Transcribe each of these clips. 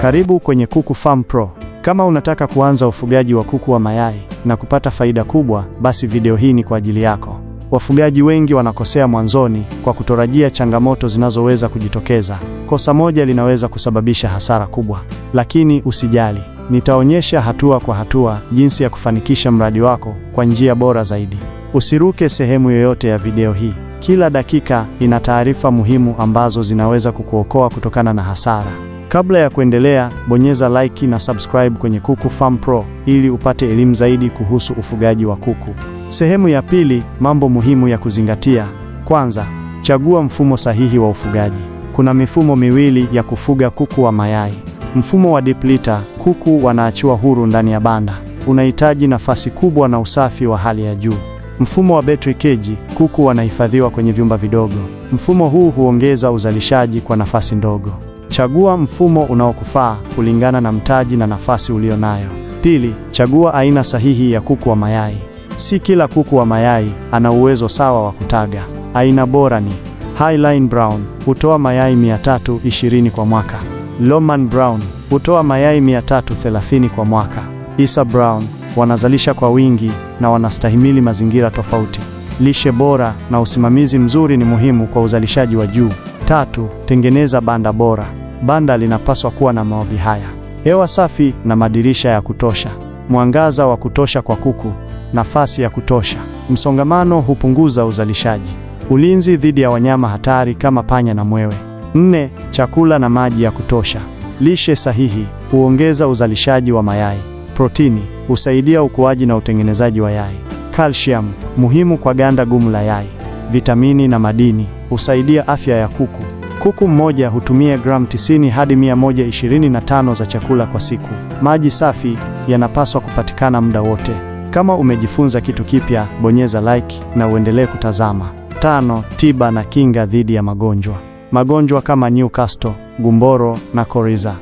Karibu kwenye Kuku Farm Pro. Kama unataka kuanza ufugaji wa kuku wa mayai na kupata faida kubwa, basi video hii ni kwa ajili yako. Wafugaji wengi wanakosea mwanzoni kwa kutorajia changamoto zinazoweza kujitokeza. Kosa moja linaweza kusababisha hasara kubwa, lakini usijali, nitaonyesha hatua kwa hatua jinsi ya kufanikisha mradi wako kwa njia bora zaidi. Usiruke sehemu yoyote ya video hii. Kila dakika ina taarifa muhimu ambazo zinaweza kukuokoa kutokana na hasara. Kabla ya kuendelea, bonyeza like na subscribe kwenye Kuku Farm Pro ili upate elimu zaidi kuhusu ufugaji wa kuku. Sehemu ya pili, mambo muhimu ya kuzingatia. Kwanza, chagua mfumo sahihi wa ufugaji. Kuna mifumo miwili ya kufuga kuku wa mayai. Mfumo wa diplita kuku wanaachiwa huru ndani ya banda. Unahitaji nafasi kubwa na usafi wa hali ya juu. Mfumo wa battery cage, kuku wanahifadhiwa kwenye vyumba vidogo. Mfumo huu huongeza uzalishaji kwa nafasi ndogo. Chagua mfumo unaokufaa kulingana na mtaji na nafasi ulio nayo. Pili, chagua aina sahihi ya kuku wa mayai. Si kila kuku wa mayai ana uwezo sawa wa kutaga. Aina bora ni Highline Brown hutoa mayai 320 kwa mwaka. Loman Brown hutoa mayai 330 kwa mwaka. Isa Brown wanazalisha kwa wingi na wanastahimili mazingira tofauti. Lishe bora na usimamizi mzuri ni muhimu kwa uzalishaji wa juu. Tatu, tengeneza banda bora banda linapaswa kuwa na maombi haya: hewa safi na madirisha ya kutosha, mwangaza wa kutosha kwa kuku, nafasi ya kutosha. Msongamano hupunguza uzalishaji. Ulinzi dhidi ya wanyama hatari kama panya na mwewe. Nne, chakula na maji ya kutosha. Lishe sahihi huongeza uzalishaji wa mayai. Protini husaidia ukuaji na utengenezaji wa yai. Calcium muhimu kwa ganda gumu la yai. Vitamini na madini husaidia afya ya kuku. Kuku mmoja hutumia gramu 90 hadi 125 za chakula kwa siku. Maji safi yanapaswa kupatikana muda wote. Kama umejifunza kitu kipya, bonyeza like na uendelee kutazama. Tano, tiba na kinga dhidi ya magonjwa. Magonjwa kama Newcastle, gumboro na coriza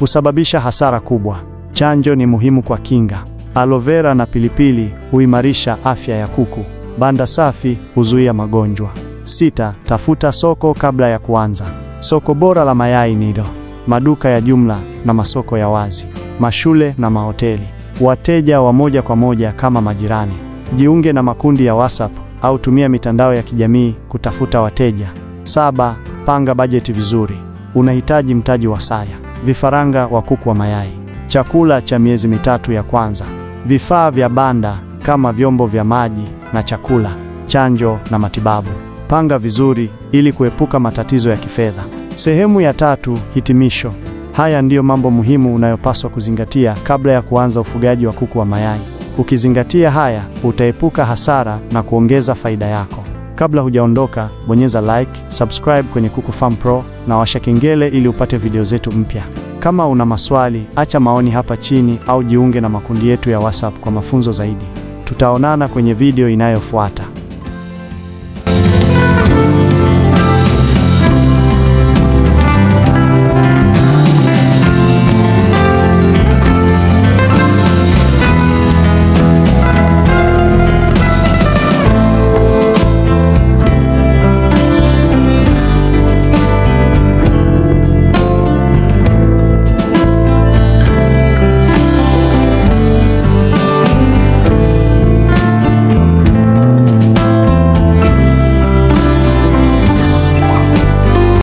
husababisha hasara kubwa. Chanjo ni muhimu kwa kinga. Aloe vera na pilipili huimarisha afya ya kuku. Banda safi huzuia magonjwa. Sita, tafuta soko kabla ya kuanza. Soko bora la mayai Nido, Maduka ya jumla na masoko ya wazi, mashule na mahoteli, wateja wa moja kwa moja kama majirani. Jiunge na makundi ya WhatsApp au tumia mitandao ya kijamii kutafuta wateja. Saba, panga bajeti vizuri. Unahitaji mtaji wa saya, vifaranga wa kuku wa mayai, chakula cha miezi mitatu ya kwanza, vifaa vya banda kama vyombo vya maji na chakula, chanjo na matibabu. Panga vizuri ili kuepuka matatizo ya kifedha. Sehemu ya tatu, hitimisho. Haya ndiyo mambo muhimu unayopaswa kuzingatia kabla ya kuanza ufugaji wa kuku wa mayai. Ukizingatia haya, utaepuka hasara na kuongeza faida yako. Kabla hujaondoka, bonyeza like, subscribe kwenye Kuku Farm Pro na washa kengele ili upate video zetu mpya. Kama una maswali, acha maoni hapa chini au jiunge na makundi yetu ya WhatsApp kwa mafunzo zaidi. Tutaonana kwenye video inayofuata.